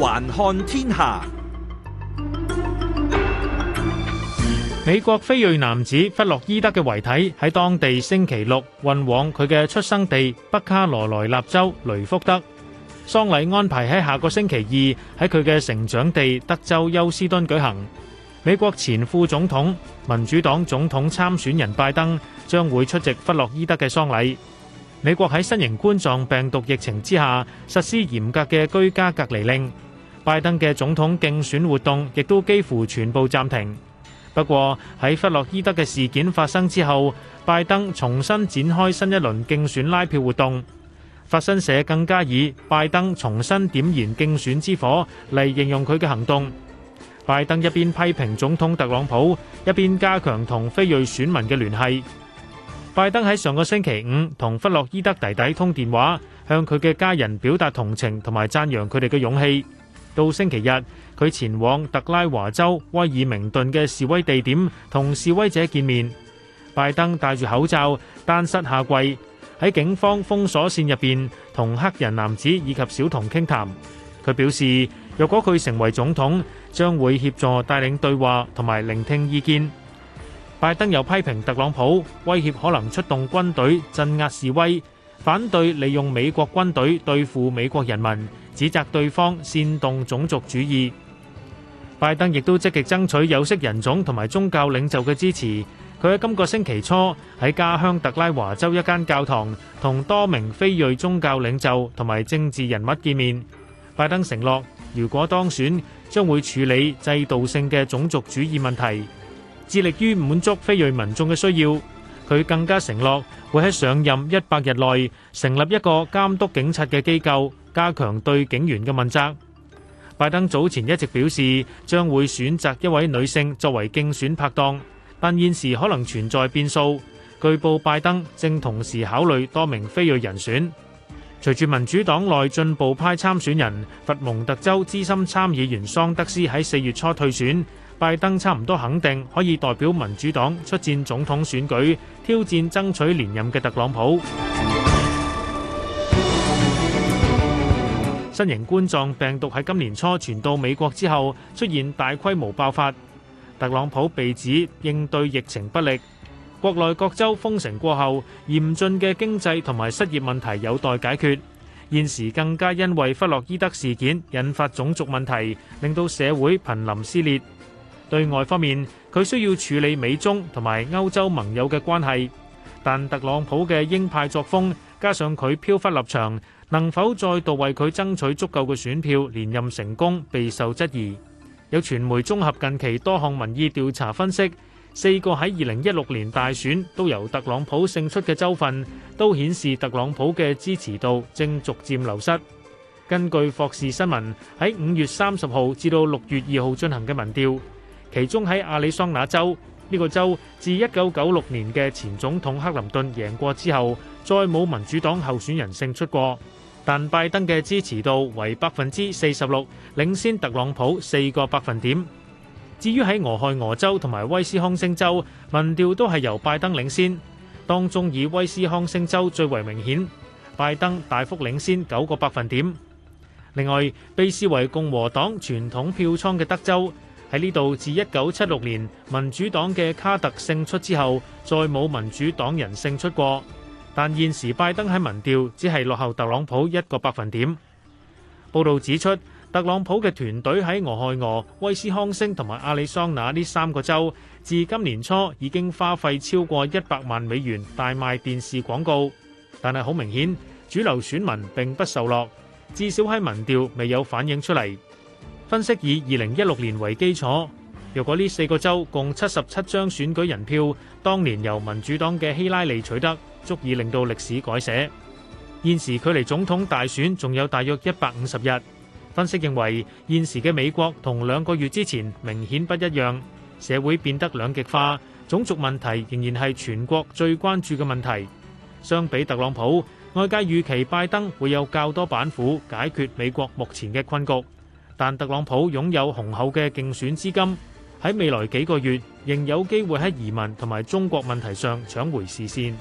環看天下，美國非裔男子弗洛伊德嘅遺體喺當地星期六運往佢嘅出生地北卡羅來納州雷福德，喪禮安排喺下個星期二喺佢嘅成長地德州休斯敦舉行。美國前副總統、民主黨總統參選人拜登將會出席弗洛伊德嘅喪禮。美國喺新型冠狀病毒疫情之下實施嚴格嘅居家隔離令。拜登嘅總統競選活動亦都幾乎全部暫停。不過喺弗洛伊德嘅事件發生之後，拜登重新展開新一輪競選拉票活動。法新社更加以拜登重新點燃競選之火嚟形容佢嘅行動。拜登一邊批評總統特朗普，一邊加強同非裔選民嘅聯繫。拜登喺上個星期五同弗洛伊德弟弟通電話，向佢嘅家人表達同情，同埋讚揚佢哋嘅勇氣。到星期日，佢前往特拉華州威爾明頓嘅示威地點同示威者見面。拜登戴住口罩單膝下跪喺警方封鎖綫入邊，同黑人男子以及小童傾談，談。佢表示，若果佢成為總統，將會協助帶領對話同埋聆聽意見。拜登又批評特朗普威脅可能出動軍隊鎮壓示威。反對利用美國軍隊對付美國人民，指責對方煽動種族主義。拜登亦都積極爭取有色人種同埋宗教領袖嘅支持。佢喺今個星期初喺家鄉特拉華州一間教堂，同多名非裔宗教領袖同埋政治人物見面。拜登承諾，如果當選，將會處理制度性嘅種族主義問題，致力於滿足非裔民眾嘅需要。佢更加承諾會喺上任一百日內成立一個監督警察嘅機構，加強對警員嘅問責。拜登早前一直表示將會選擇一位女性作為競選拍檔，但現時可能存在變數。據報拜登正同時考慮多名非裔人選。隨住民主黨內進步派參選人佛蒙特州資深參議員桑德斯喺四月初退選。拜登差唔多肯定可以代表民主黨出戰總統選舉，挑戰爭取連任嘅特朗普。新型冠狀病毒喺今年初傳到美國之後，出現大規模爆發。特朗普被指應對疫情不力，國內各州封城過後，嚴峻嘅經濟同埋失業問題有待解決。現時更加因為弗洛伊德事件引發種族問題，令到社會瀕臨撕裂。對外方面，佢需要處理美中同埋歐洲盟友嘅關係。但特朗普嘅鷹派作風，加上佢飄忽立場，能否再度為佢爭取足夠嘅選票連任成功，備受質疑。有傳媒綜合近期多項民意調查分析，四個喺二零一六年大選都由特朗普勝出嘅州份，都顯示特朗普嘅支持度正逐漸流失。根據霍士新聞，喺五月三十號至到六月二號進行嘅民調。其中喺阿里桑那州呢個州，自一九九六年嘅前總統克林頓贏過之後，再冇民主黨候選人勝出過。但拜登嘅支持度為百分之四十六，領先特朗普四個百分點。至於喺俄亥俄州同埋威斯康星州，民調都係由拜登領先，當中以威斯康星州最為明顯，拜登大幅領先九個百分點。另外，被視為共和黨傳統票倉嘅德州。喺呢度，自一九七六年民主黨嘅卡特勝出之後，再冇民主黨人勝出過。但現時拜登喺民調只係落後特朗普一個百分點。報道指出，特朗普嘅團隊喺俄亥俄、威斯康星同埋亞利桑那呢三個州，自今年初已經花費超過一百萬美元大賣電視廣告。但係好明顯，主流選民並不受落，至少喺民調未有反映出嚟。分析以二零一六年為基礎，若果呢四個州共七十七張選舉人票，當年由民主黨嘅希拉里取得，足以令到歷史改寫。現時距離總統大選仲有大約一百五十日，分析認為現時嘅美國同兩個月之前明顯不一樣，社會變得兩極化，種族問題仍然係全國最關注嘅問題。相比特朗普，外界預期拜登會有較多板斧解決美國目前嘅困局。但特朗普擁有雄厚嘅競選資金，喺未來幾個月仍有機會喺移民同埋中國問題上搶回視線。